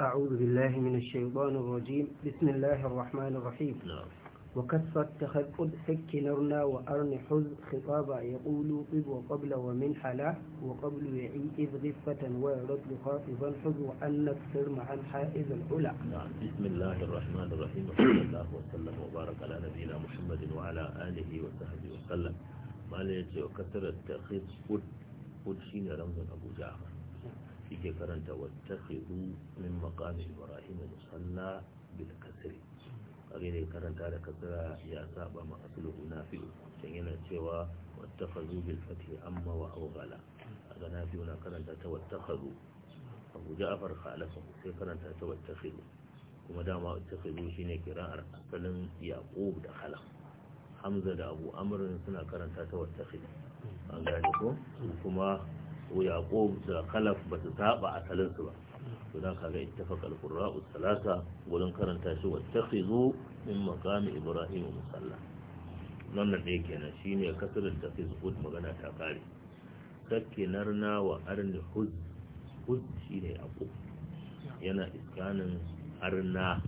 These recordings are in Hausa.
أعوذ بالله من الشيطان الرجيم بسم الله الرحمن الرحيم نعم. وكثرة تخذ حك نرنا وأرن حز خطابا يقول إذ وقبل ومن حلا وقبل يعي إذ غفة ويرد خاطبا حز وأن السر مع الحائز العلا نعم. بسم الله الرحمن الرحيم وصلى الله وسلم وبارك على نبينا محمد وعلى آله وصحبه وسلم ما لا وكثر التخذ تخذ قد قد شين رمز أبو جعفر yake karanta wattakhidu min maqami ibrahim musalla bil kasr kage da karanta da kasira ya saba ma aslu nafi can yana cewa wattakhadhu bil fathi amma wa awghala kaga nafi yana karanta ta wattakhadhu abu ja'far khalafa sai karanta ta wattakhidhu kuma dama wattakhidhu shine kira'ar asalin yaqub da khalaf hamza da abu amrin suna karanta ta wattakhidhu an gane ko kuma ko yaqub da khalaf ba su saba asalin su ba to dan kaga ittafaqa al-qurra'u salasa gurin karanta shi wa takhizu min maqami ibrahim musalla wannan da yake nan shine kasrul tafiz gud magana ta kare sakke na wa arni hud hud shine yaqub yana iskanin arna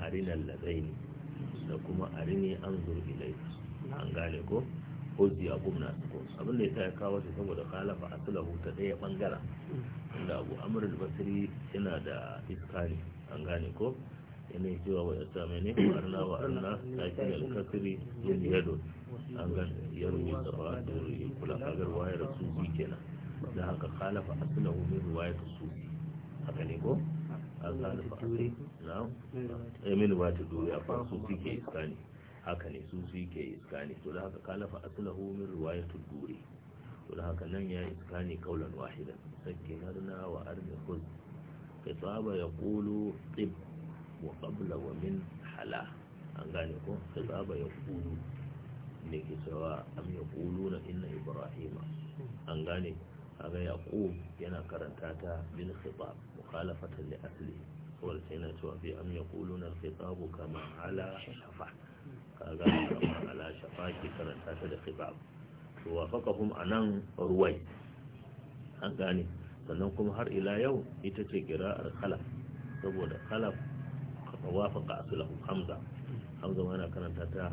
arinal ladaini da kuma arini anzur ilayhi an gane ko hujji a gumna abin da ya sa ya kawo shi saboda khalafa aslahu ta ɗaya bangara inda abu amr da basri yana da iskani an gane ko yana cewa wa ya same ne arna wa arna sakin al-kasri min yado an gane ya rubuta ba da kula kagar wayar sufi kenan da haka khalafa aslahu min riwayat sufi haka ne ko an a aslahu na eh, min riwayat duriya fa sufi ke ne haka ne su su ke iska ne to da haka kalafa aslahu min riwayatul duri to da haka nan ya iska ne kaulan wahidan sakin harna wa arda kuz kai saba ya kulu tib wa qabla wa min hala an gane ko kai saba ya kulu ne ke cewa am ya kulu na inna ibrahima an gane kaga yaqub yana karanta ta min khitab mukhalafatan li asli wal sayna tuwa fi am yaquluna al khitab kama ala shafa kaga kamar ala shafaki karanta ta da khibab to wafaqahum anan ruwai an gane sannan kuma har ila yau ita ce qira'ar khalaf saboda khalaf wafaqa aslahu hamza hamza yana karanta ta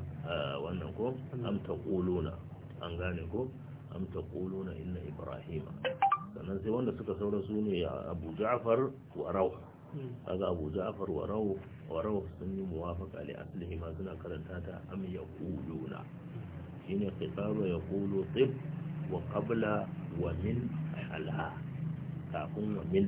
wannan ko am taquluna an gane ko am taquluna inna ibrahima sannan sai wanda suka saura su ne abu ja'far wa kaga abu ja'far wa rawu wa rawu sun yi muwafaqa li aslihi ma suna karanta ta am yaquluna shine ya yaqulu tib wa kabla wa min ala kafin wa min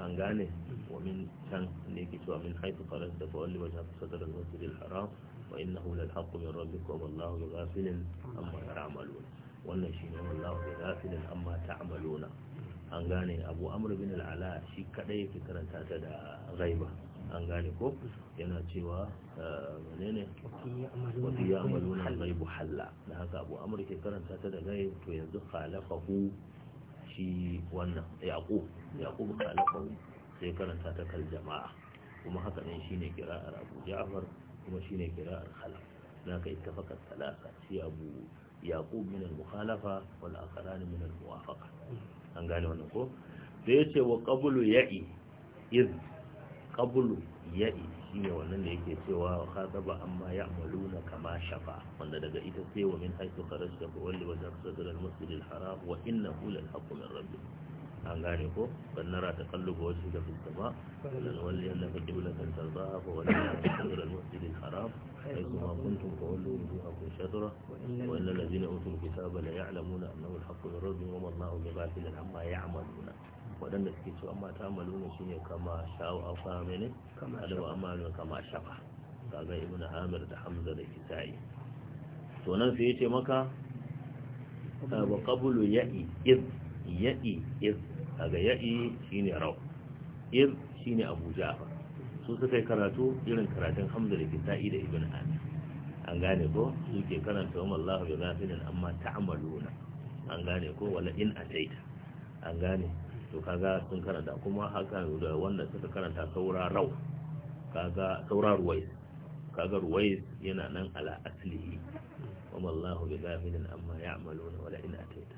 an gane wa min can ne ke cewa min haifu faras da fa'alli wajen sadar da masjidil haram wa innahu lal haqqu min rabbika wa wallahu ghafilin amma ta'malun wannan shi ne wallahu ghafilin amma ta ta'maluna an gane abu amur bin al'ala shi kadai yake karanta ta da raiba an gane ko yana cewa ne wasu ya amalu na raibu halla na haka abu amur ke karanta ta da ghaib to yanzu khalafahu shi wannan yaqub yaqub khalafahu sai karanta ta kal jama'a kuma haka ne shi kira a rabu ja'far kuma shi ne kira kira'ar khalaf ita fakar talaka shi abu yaƙo min al-mukhalafa wal akarani min al-muwafaqa mm. an gane wannan ko da ya ce wa ƙabulu ya'i iz ƙabulu ya'i shi ne wannan da yake cewa wa ba amma ya amalu na kama shafa wanda daga ita sai wa min haitu kharajta fa walli wajhaka sadra al masu haram wa inna lal haqqu min an gane ko ban nara ta kallubu wasu da ba. wannan wali yadda ka kibla kan tarzaha ko wani ya ta masu masjidin haram sai kuma ma kuntum ko wani wuju a kun shadura wani lalazi na utul kitaba la ya'lamuna annahu alhaqqu min rabbihim wa ma Allahu bi ghafilin amma ya ya'maluna waɗanda suke cewa amma ta maluna shine kama sha'u aw fa mene kama sha'u amma kama shafa kaga ibn Hamir da hamza da kitai to nan sai ce maka wa qabulu ya'i iz ya'i iz daga ya'i shine rau ir shine abu ja'far su suka yi karatu irin karatun hamdu da kita'i da ibn Amin. an gane ko su ke karanta wa mallahu bi ghafilin amma ta'maluna an gane ko wala in ataita an gane to kaga sun karanta kuma haka da wanda suka karanta saura rau kaga saura ruwais kaga ruwais yana nan ala asli wa mallahu bi ghafilin amma ya'maluna wala in ataita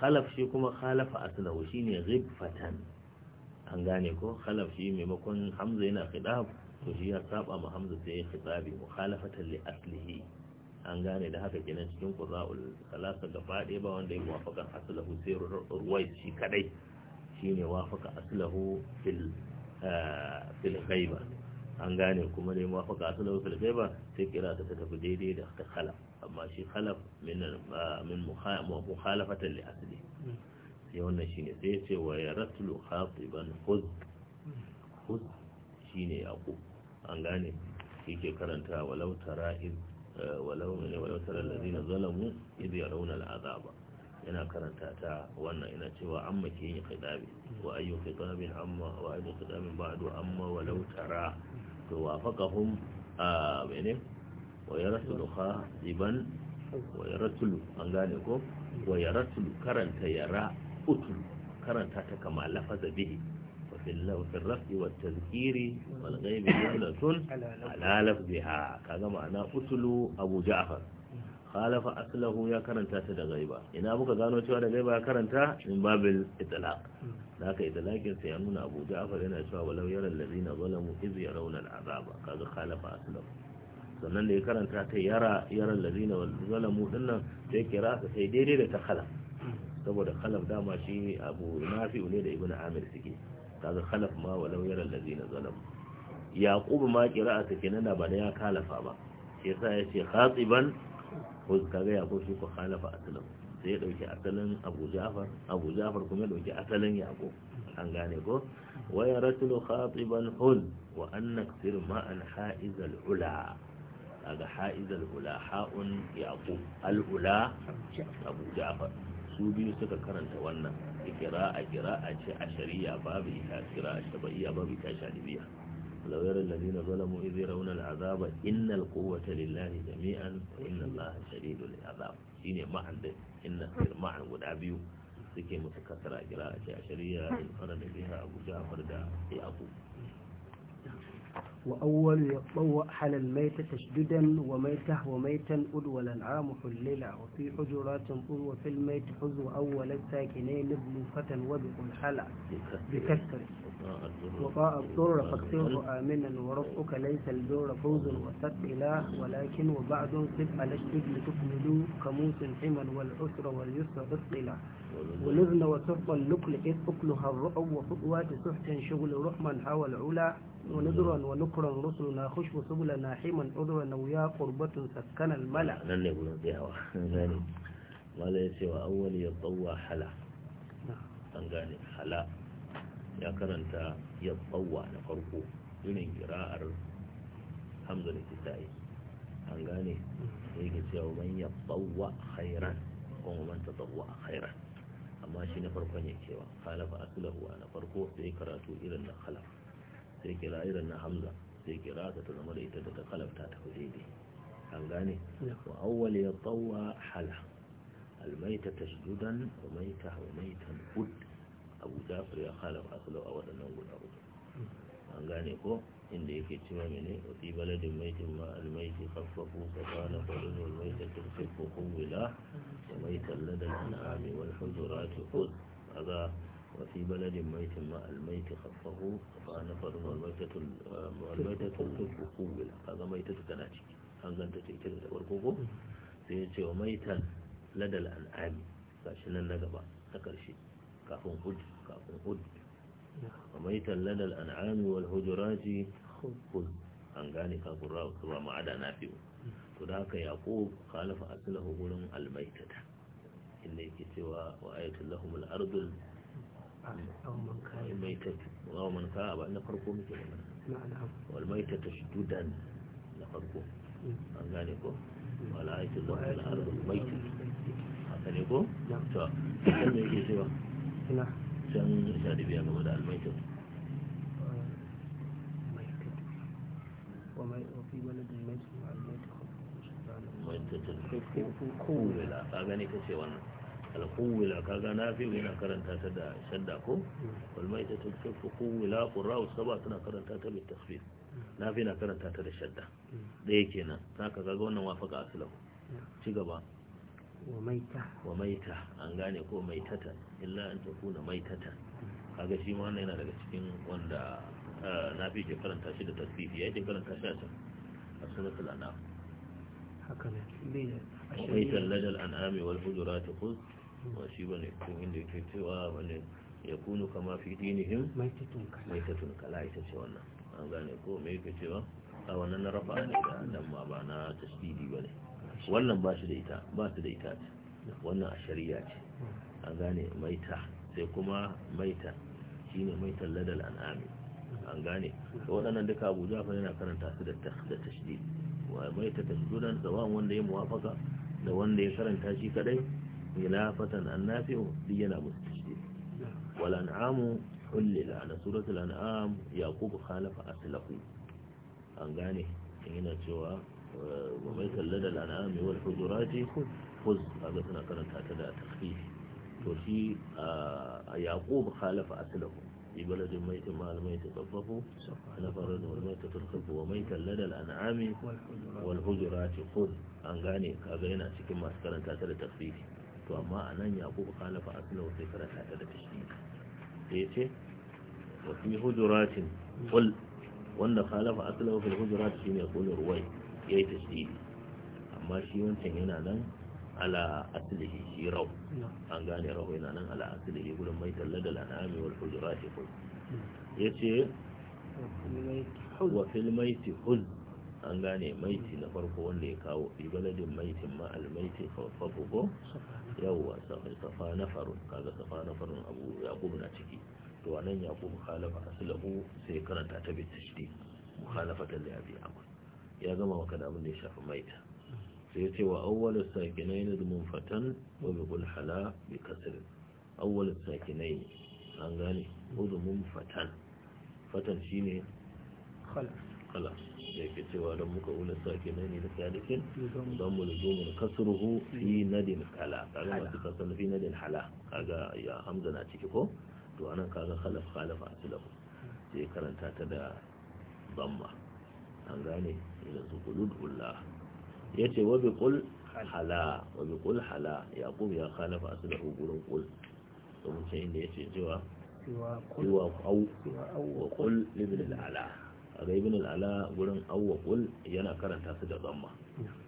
khalaf shi kuma khalafa aslahu shine ghibfatan an gane ko khalaf shi maimakon hamza yana khidab to shi ya saba ma hamza sai ya khitabi mukhalafatan li aslihi an gane da haka kenan cikin qura'ul salasa gaba ɗaya ba wanda ya muwafaka aslahu sai ruwai shi kadai shine wafaka aslahu fil ah, fil ghaiba an gane kuma dai ya muwafaka aslahu fil ghaiba sai kira ta tafi daidai da khalaf amma shi khalaf min min mukhalafatan li asli sai wannan shine sai ya ce wa ya ratlu khatiban khuz khuz shine yaqub an gane yake karanta walau tara walau ne walau tara allazina zalamu id yarawna al'azaba yana karanta ta wannan ina cewa amma ke yin khitabi wa ayu khitabin amma wa ayu khitabin ba'du amma walau tara to wafaqahum a menene wa ya rasulu ha iban wa ya rasulu an gane ko wa ya rasulu karanta yara utul karanta ta kama lafaza bihi wa fil rafi wa tazkiri wal ghaibi jumlatun ala lafziha kaga ma'ana utulu abu ja'far khalafa aslahu ya karanta ta da gaiba ina muka gano cewa da gaiba ya karanta min babil itlaq da haka itlaqin sa ya nuna abu ja'far yana cewa walau yara allazina zalamu iz yarawna al'azaba kaga khalafa aslahu sannan da ya karanta ta yara yaran lalina wal zalamu dinnan sai kira ta sai daidai da ta khalaf saboda khalaf dama shi abu nafi'u ne da ibnu amir suke kaga khalaf ma walau yaran lazina zalamu yaqub ma qira'a ta kenan ba da ya kalafa ba sai ya ce khatiban ko kaga yaqub shi ko khalafa aslan sai ya dauki asalin abu ja'far abu ja'far kuma ya dauki asalin yaqub an gane ko waya ratulu khatiban hun wa annak sir ma'an ha'izal ula daga ha’izar hula ha’un yaƙo al’ula abu jafar su biyu suka karanta wannan ikira a kira a ce a shari'a babu ita kira a shaba'iya babu ita shalibiya lawar lalazi na izi rauna al’azaba inna alƙowata lillahi jami'an ta inna Allah shari'a da azaba ma'an guda biyu suke musu kasara kira a ce a shari'a in fara da biha abu jafar da yaƙo وأول يطوع حل الميت تشددا وميته وميتا أد العام حللا وفي حجرات طول وفي الميت حز أول الساكنين بلوفة فتى وبقل حلا بكسر وقاء الضر فاكثره آمنا ورفعك ليس الجور فوز وسط إله ولكن وبعد سب على الشد لتكملوا كموس حما والعسر واليسر اصطلا ولذن وسحب اللقل إذ أكلها الرعب وخطوات سحت شغل رحما حوى العلا ونذرا ونكرا رسلنا خشب سبلنا حما عذرا ويا قربة سكن الملا لن يقولون بها ما ليس وأول يطوى حلا نعم. قال حلا ya karanta ya tsawa na farko irin kira'ar hamza da kisa'i an gane sai ga cewa man ya tsawa khairan kuma man ta tsawa khairan amma shi na farkon ya cewa khalafa aslahu na farko sai karatu irin na khalaf sai kira irin na hamza sai kira ta ta zama da ita da ta khalafta ta fi daidai an gane wa awwal ya tsawa hala almaita tashdudan wa maita wa maitan ud abu fure ya halafa asalo a waɗannan guda uku an gane ko inda yake cewa mene wasi baladin maitin ma almaiti farfafu tsakanin kwarin maita turfin ko kowila da maitan ladan al'ami wani hujura ta hud ga wasi baladin maitin ma almaiti farfafu tsakanin kwarin maita turfin eh, ko A ga maita ta tana ciki an ganta ta ita da farko ko sai ya ce wa maitan ladal al'ami shi nan na gaba na karshe. kafin hud kafin hud kamar yi tallan al'an'ami wal hujuraji hud an gane kafin rawa kuma ma'ada na fiye to da haka yaƙob khalafa asilahu gurin almaitata inda yake cewa wa ayatul lahumul ardul almaitatu wa man ka ba na farko muke magana wal maitata shududan na farko an gane ko wal ayatul lahumul ardul maitatu haka ne ko to sannan ina can sha da da almaikin ka gani ka ce wannan alkuwila ka ga na fiye yana karanta ta da shadda ko walmai hmm. ta tafifu kuwila ƙura'u saba suna karanta ta mai tasfir hmm. na fiye na karanta ta da shadda hmm. ɗaya kenan za ka ga wannan wafaka asilahu ci gaba wa maita an gane ko maitata illa an ta kuna maitata kaga shi wannan yana daga cikin wanda eh, na fi ke karanta shi da tasbihi ya ke karanta shi a can a suratul anam haka ne maita ladal an'ami wal hujurati khudh wa shi bane ko inda yake cewa bane ya kunu kama fi dinihim maitatun kala maitatun kala ita ce wannan an gane ko me yake cewa a wannan na rafa ne da dan ma ba na tasbihi bane wannan ba shi da ita ba su da ita wannan a shari'a ce an gane maita sai kuma maita shi ne maitan ladal an an'ami an gane da waɗannan duka abu jafa yana karanta su da tashdi maita tashdudan tsawon wanda ya muwafaka da wanda ya karanta shi kadai khilafatan annafi'u duk yana musu tashdi wal an'amu hullila na suratul an'am yaqub khalafa aslafu an gane yana cewa ومن لدى الأنعام والحجرات خذ خذ أبثنا كانت هكذا تخفيف وفي آه، يعقوب خالف أسله في بلد ميت مع الميت تطففه نفر والميت تنخف وميت لدى الأنعام والحجرات خذ أنغاني كابينا سكما كانت تاتل تخفيف وما أنا يعقوب خالف أسله سكرا تاتل تشتيه إيه وفي حجرات قل وأن خالف أسله في الحجرات فيني يقول رويت ya yi tasiri amma shi wancan yana nan ala asilihi shi rau an gane rau yana nan ala asilihi gudun mai talla da lanami wal hujura shi kun ya ce wa fil maiti huz an gane maiti na farko wanda ya kawo bi baladin maitin ma al maiti fafafu ko yawwa safa na farun kaga safa na farun abu yaqub na ciki to anan yaqub khalafa aslahu sai karanta ta bi tashdid mukhalafatan li abi amr ya gama maka da abin da ya shafi maida sai ya ce wa awwal sakinai ne fatan wa bi hala bi kasrin awwal sakinai an gane uzumun fatan fatan shine khalas da yake cewa don muka wula sakinai da sadikin don mu lujumin kasruhu fi hmm. nadin kala kaga masu kasan fi nadin hala kaga ya hamza na ciki ko to anan kaga khalaf khalaf asilahu hmm. sai karanta ta da zamma an gane su quludullah yace wa bi hala wabi kul hala ya khalafa aslahu gurin kul domin sai inda yace cewa wa qul wa qul ibn ala gurin wa yana karanta su da zamma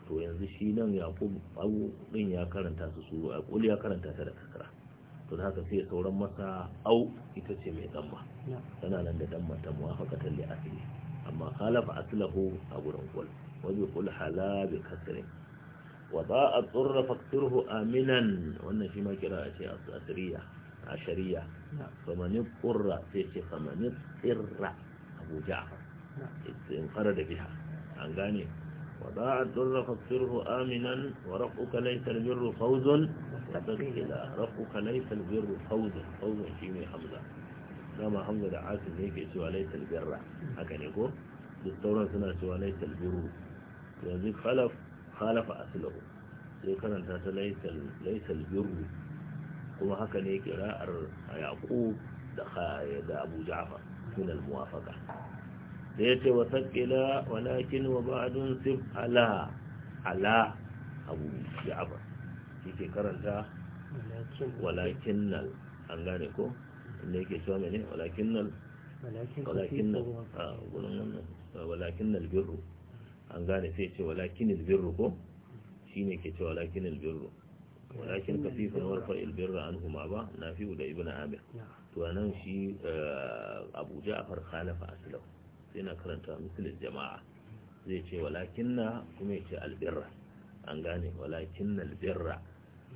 to yanzu shi nan yaqub au din ya karanta su su kul ya karanta ta da kakara to da haka sai sauran masa au ita ce mai damma tana nan da damma ta muwafaqatan li asli أما خالف أصله أبو نقول وبيقول حلا بكسر وضاء الضر فاكسره آمنا وأن فيما قراءة أسرية عشرية نعم. فمن اضطر شيخ من اضطر أبو جعفر نعم. انقرد بها عن غاني وضاع الضر فاكسره آمنا وربك ليس البر فوز رفعك ليس البر فوز فوز في حمزة dama hamza da asim ne ke cewa laisal birra haka ne ko duk sauran suna cewa laisal birru yanzu khalaf khalafa aslahu sai karanta ta laisal laisal birru kuma haka ne ra'ar yaqub da da abu jafa min al muwafaqa sai yace wa saqila walakin wa ba'dun sib ala ala abu shi ke karanta walakin an gane ko inda yake cewa mene walakin nan walakin nan a gurin wannan walakin nan birru an gane sai ce walakin albirru ko shine ke ce walakin albirru walakin kafifin warfa albirra an huma ba na fi da ibn amir to nan shi eh, a farka na aslau sai na karanta misalin jama'a zai ce walakin na kuma ya ce albirra an gane walakin albirra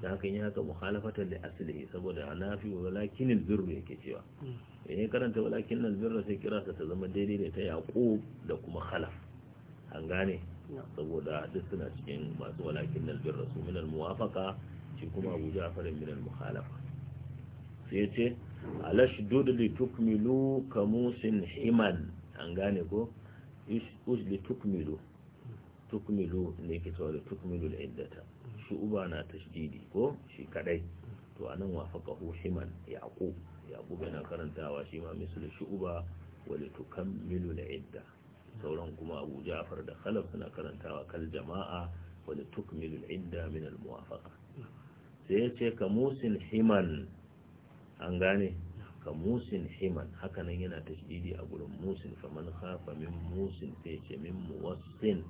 da haka ya haka mukhalafatar da asali saboda nafi walakin albirru yake cewa hmm. in ya karanta walakin albirru sai kira ta zama daidai da ta yaqub da kuma khalaf an gane saboda duk suna cikin masu walakin albirru su minar almuwafaqa shi kuma abu ja'far minar almukhalafa sai ya ce alashdud li tukmilu kamusin himan an gane ko us li tukmilu hmm. tukmilu ne ke cewa tukmilu al-iddata shu'uba na tashdidi ko shi kadai to anan wafaqahu himan yaqub yaqub yana karantawa shi ma shi Uba wa litukammilu al-idda sauran kuma Abu Ja'far da Khalaf suna karantawa kal jama'a wa litukmilu al-idda min al-muwafaqa sai yace kamusin himan an gane ka musin himan hakanan yana tashdidi a gurin musin man khafa min musin sai ce min muwassin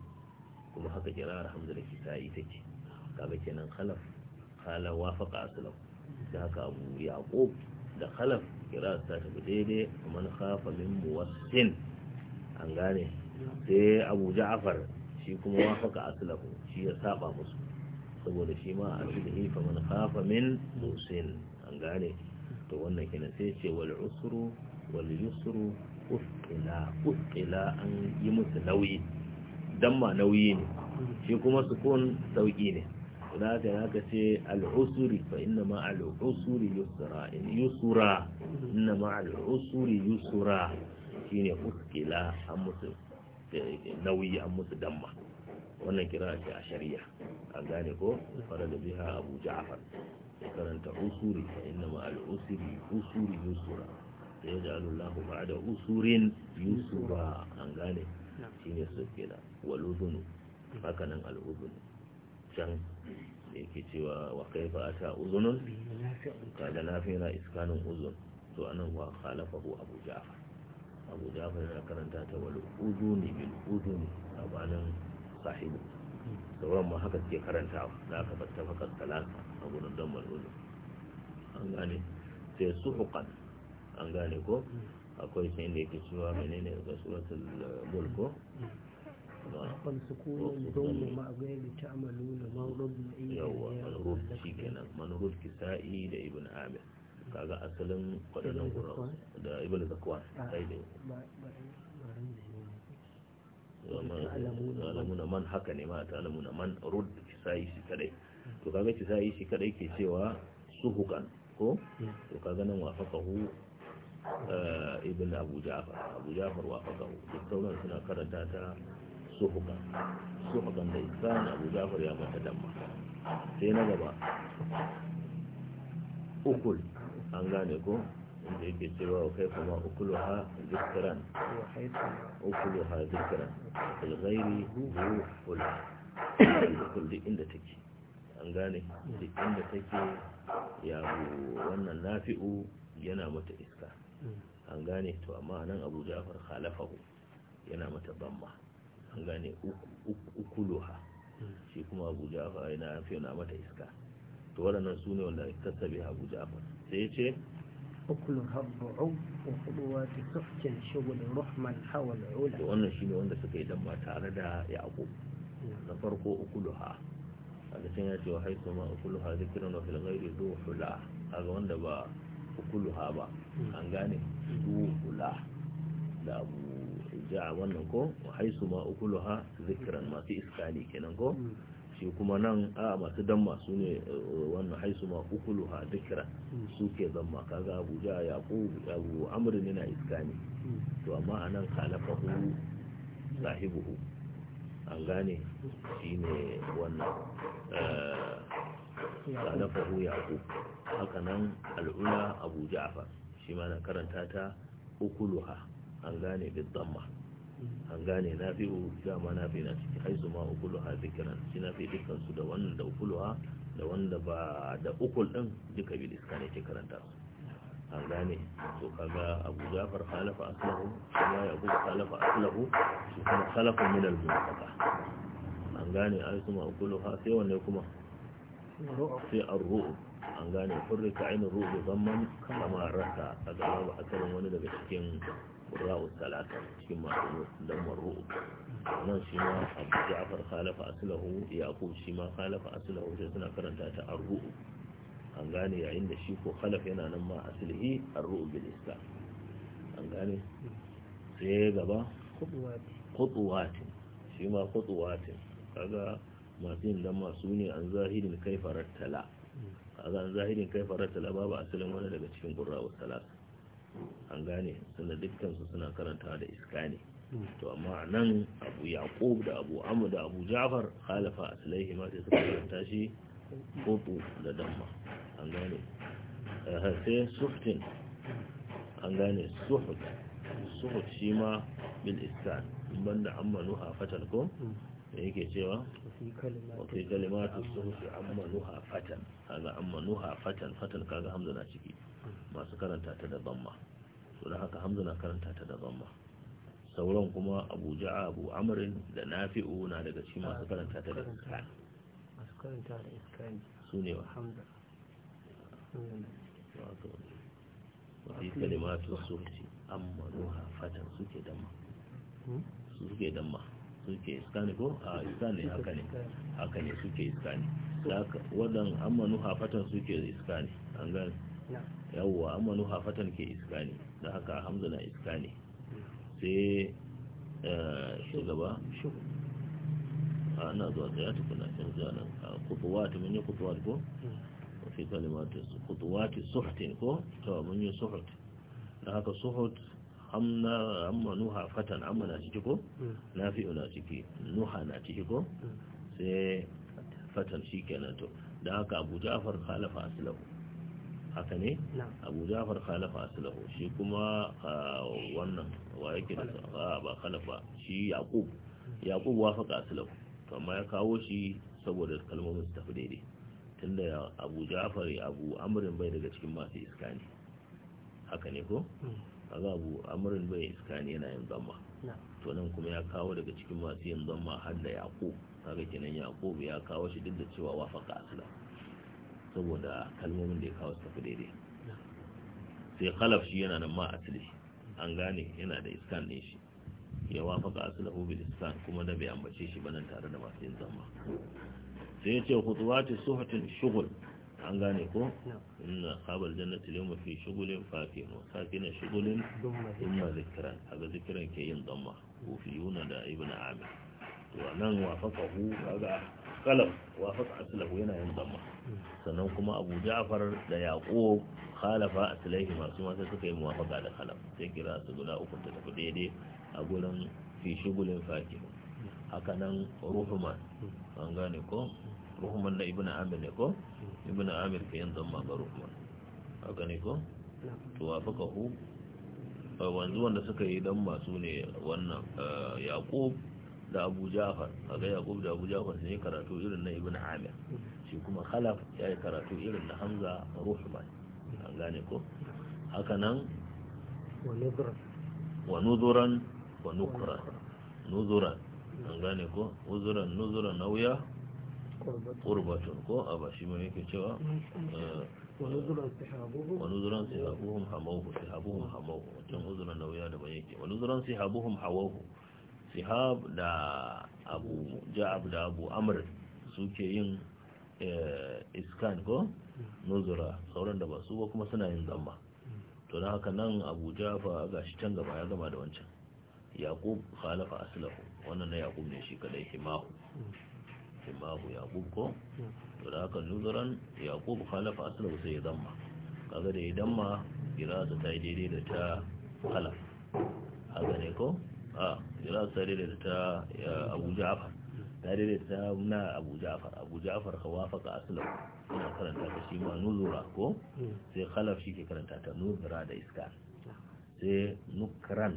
kuma haka kirar hamza da take kaga kenan khalaf kala wafaqa aslam da haka abu yaqub da khalaf kira ta tafi daidai man khafa min muwassin an gane sai abu ja'far shi kuma wafaqa aslam shi ya saba musu saboda shi ma a cikin hifa man khafa min muwassin an gane to wannan kenan sai ce wal usru wal yusru ila ila an yi musu nauyi dan ma nauyi ne shi kuma sukun sauki ne da haka ya العسر al'usuri العسر inna ma al'usuri yusra in ma al'usuri yusura shine دمه an musu eh, nauyi an musu damma wannan kira ce a shari'a an gane ko fara da biha abu ja'far ya karanta usuri fa ma al'usuri usuri yusura da ya ja'alu usurin yusura an gane shine sukila wal uzunu haka nan yake cewa wa kaifa ata uzunun kaga nafi yana iskanin uzun to anan wa khalafahu abu ja'far abu ja'far yana karanta ta wal uzuni bil uzuni abanin sahibu hmm. sauran ma haka suke karantawa da aka batta fakar talata a gurin don mal'ulu an gane sai suhukan an gane ko hmm. akwai sai inda yake cewa menene ga suratul mulk ko hmm. ضعفا سكونا ضم مع غير تعملون مغرب يوم منهور شikenan manhur kisa'i da ibn amir kaga asalin wadannan gurin da ibn zakwan sai da alamuna man haka ne ma ta alamu alamuna man rud sa'i shi kadai to kaga kisa'i shi kadai ke cewa suhukan ko to kaga nan wafaqahu ibn abu ja'far abu ja'far wafaqahu duk sauran suna karanta ta suhuka suhukan da isra'in abu jafar ya mata damma sai na gaba ukul an gane ko inda yake cewa wa kai kuma ukulu ha zikiran ukulu ha zikiran alghairi ruhul ukul duk inda take an gane duk inda take ya wannan nafi'u yana mata iska an gane to amma nan abu jafar khalafahu yana mata bamma gane ukuluha shi kuma abu ja'far yana fiye mata iska to waɗannan su ne wanda sabi abu ja'far sai ce ukuluha bu'u wa kuduwa ta kafcin shagul rahman hawa al'ula to wannan shi ne wanda suka yi damma tare da yaƙo na farko ukuluha a can ya ce wa haifu ma ukuluha zikirin wa filgairi zuwa hula ga wanda ba ukuluha ba hmm. an gane zuwa hmm. hula da abu ja wannan ko haisu ma ukuluha zikran masu iskali kenan ko mm. shi kuma nan a masu damma su ne eh, wannan haisu ma ukuluha zikiran mm. su ke zama kaga abuja ya abu amrin yana iskali mm. to amma anan sahibu hu an gane shi ne wannan eh, ya yaqub haka nan al'ula abu ja'far shi ma na karanta ta ukuluha an gane bidamma an gane na fi dama na fi na ciki haizu ma ha zikiran shi na fi dukkan su da wannan da ha da wanda ba da ukul din duka bi diska ne ke karanta su an gane to kaga abu jafar khalafa aslahu kuma ya abu khalafa aslahu shi kuma khalafa min al mutaka an gane ai kuma ha sai wanne kuma sai ar-ru'u an gane furrika ainihin ru'u zaman kama rasa a ga asalin wani daga cikin ƙura'u talata cikin masu lamar ru'u nan shi ma abu ja'afar asulahu yaqub shi ma khalafa asulahu sai suna karanta ta arru'u an gane yayin da shi ko khalaf yana nan ma aslihi arru'u bil islam an gane sai gaba khutuwatin shi ma khutuwatin kaga masu yin lamma su ne an zahirin kai farattala kaga an zahirin kai farattala babu asalin wani daga cikin qurra'u talata an gane suna dukkansu suna karantawa da iska ne hmm. to amma nan abu yaqub da abu amu da abu ja'far khalafa aslaihi ma sai suka karanta shi kotu da damma an gane eh, sai suftin an gane suhud suhud shi ma bil iskan banda ammanu hafatan ko da hmm. yake cewa wafi kalimatu suhud ammanu hafatan kaga ammanu hafatan fatan kaga hamza na ciki masu karanta ta da zamma to da haka hamza na karanta ta da zamma sauran kuma abu ja'a abu amrin da nafi'u na daga cikin masu karanta ta da iskani masu karanta da iskani su ne wa hamza wato wafi kalimatu sufi amma nuha fatan suke damma hmm? suke damma suke iskani ko a iskani haka ne haka ne suke iskani wadan amma nuha fatan suke iskani an gani yawwa amma nuha fatan ke iska ne da haka hamza na iska ne sai eh, shugaba ana zuwa tsaya tukuna can zuwa nan kutuwatu mun yi kutuwatu ko fi kalimatu kutuwatu suhtin ko to mun yi suhut da haka suhut amma nuha fatan amma na ciki ko fi na ciki nuha na ciki ko sai fatan shi kenan to da haka abu ja'far khalafa aslahu haka ne abu jafar khalafa aslahu shi kuma wannan wa yake da ba khalafa shi yaqub yaqub wafaka aslahu to amma ya kawo shi saboda kalmomin su tafi daidai tunda abu jafar abu amrin bai daga cikin masu iska ne haka ne ko hmm. kaga abu amrin bai iska ne yana yin zamma to nan kuma ya kawo daga cikin masu yin zamma har da yaqub kaga kenan yaqub ya kawo shi duk da cewa wafaka aslahu saboda kalmomin da ya kawo su daidai sai khalaf shi yana nan ma asali an gane yana da iskan ne shi ya wafaka asalahu bil iskan kuma da bai ambace shi banan tare da masu yin zama sai ya ce khutuwatu suhatin shughul an gane ko inna khabal jannati yawma fi shughulin fatin sakina shughulin thumma zikran ga zikran ke yin zama ko fi yuna da ibnu amir to nan hu kaga Kalam wa fa aslahu yana yin dhamma sannan kuma Abu Ja'far da Yaqub khalafa aslahi masu ma sai suka yi muwafaqa da kalam sai kira su guda uku da tafi daidai a gurin fi shugulin fakih haka nan Ruhman an gane ko Ruhman da Ibn Amir ne ko Ibn Amir ke yin dhamma ga Ruhman haka ne ko to wa fa wanzu wanda suka yi dan masu ne wannan eh, Yaqub da abu jafar a ga yaqub da abu jafar sun karatu irin na ibn amir shi kuma khalaf ya yi karatu irin na hamza ruhman an gane ko haka nan wa nuzuran wa nukran nuzuran an gane ko uzuran nuzuran nauya qurbatun ko a ba shi mai yake cewa wani zuran sihabuhum hamahu sihabuhum hamahu wajen uzuran nauya da ban yake wani zuran sihabuhum hawahu shihab da abu ja'ab da abu amr suke yin eh, iskan ko nuzura sauran da ba su ba kuma suna yin zamma to na haka nan abu jafa ga shi can gaba ya gama da wancan yaqub khalafa aslahu wannan na yaqub ne shi kadai himahu himahu yaqub ko to da haka nuzuran yaqub khalafa aslahu sai zamma kaga da idan ma kira ta yi daidai da ta khalaf haka ne ko a iran ta daidaita ta abu ja'far ta daidaita ta na abu ja'far abu ja'far ka wafaka aslam ina karanta ta shi ma nuzura ko hmm. sai khalaf shi ke karanta ta nuzura da iska sai nukran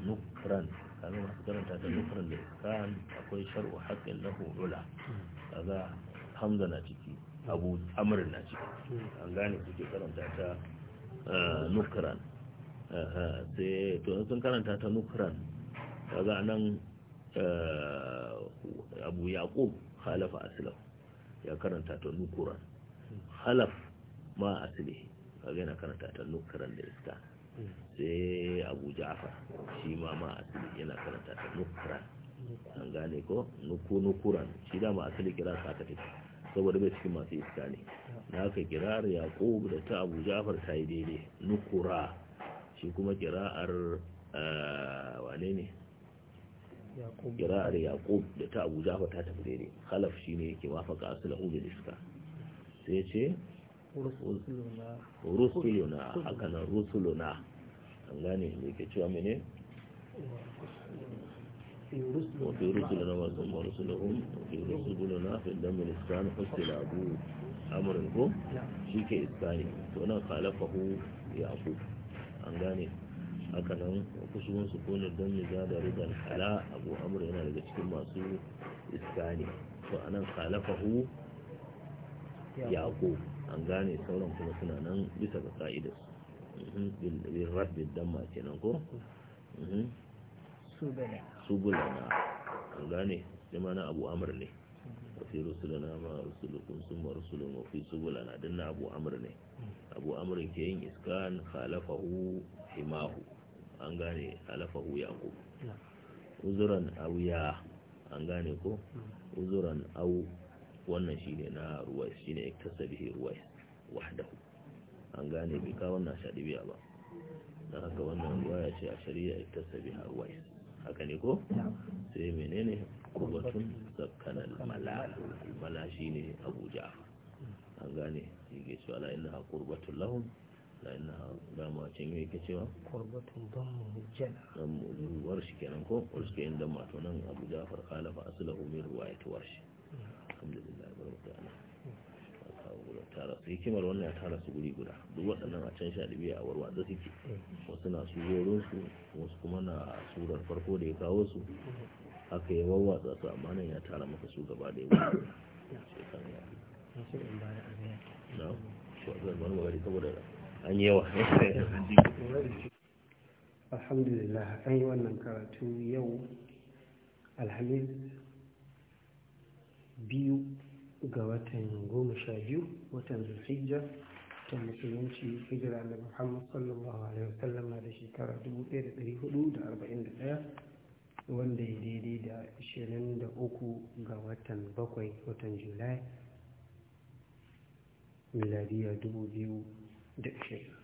nukran kaga masu karanta ta nukran da iska akwai shar'u haqqin lahu ula kaga hamza na ciki abu amr na ciki hmm. an gane suke karanta ta eh, nukran sai sun karanta ta nukran kaga nan eh, abu yaqub halafa asilau ya karanta ta nukuran halaf ma asili ka yana karanta ta nukuran da iska sai abu ja'far shi ma ma asili yana karanta ta nukuran an gane ko nuku nukuran shi da ma asili kira sa ta saboda bai cikin masu iska ne na haka kirar yaqub da ta abu ja'far ta yi daidai nukura shi kuma kira'ar eh, wane ne kira'ar yakub da ta abu jafa ta tafi ne khalaf shi ne yake mafaka su da hujjar iska sai ce rusuluna haka nan rusuluna an gane da ke cewa mene wafi rusuluna masu ma rusulun wafi rusuluna fi damar iskan hustula abu amurinko shi ke iskani to nan khalafahu yaƙub an gane haka nan kusurin su kone don niza da rigar kala abu amur yana daga cikin masu iska ne to a nan khalafahu yaƙo an gane sauran kuma suna nan bisa ga ka'idar bin rabbi dan ma kenan ko mhm. Su subulana an gane jama na abu amur ne وفي rusulukun sun ma rusulun wafi subulana سبلنا na abu amur ne Abu amur ke yin iskan halafahu himahu an gane ya ku uzuran au ya an gane ko uzuran au wannan shi ne na ruwa ta iktasabihi ruwa wahdahu an gane bai ka wannan biya ba Na haka wannan ruwa ya ce a shari'a iktasabiha ruwa haka ne ko sai menene kurbatun zakkanar mala mala shine abu an gane yake cewa la innaha qurbatun lahum la ha dama can yi yake cewa qurbatun dhammu jana dhammu warsh kenan ko warsh kenan da mato nan abu ja'far qala fa aslahu min riwayat warsh alhamdulillah barakatuh tara su hikimar wannan ya tara su guri guda duk waɗannan a can shaɗibi a warwatsa suke wasu na su. wasu kuma na surar farko da ya kawo su haka ya wawwatsa su amma ya tara maka su gaba da yawa an yawa alhamdulillah an yi wannan karatu yau alhamis biyu ga watan goma sha biyu watan zuhijja, ta musulunci hijira da muhammad sallallahu alaihi wasallam na da shekara 1441 wanda ya daidai da 23 ga watan 7 watan julai miladiya 2020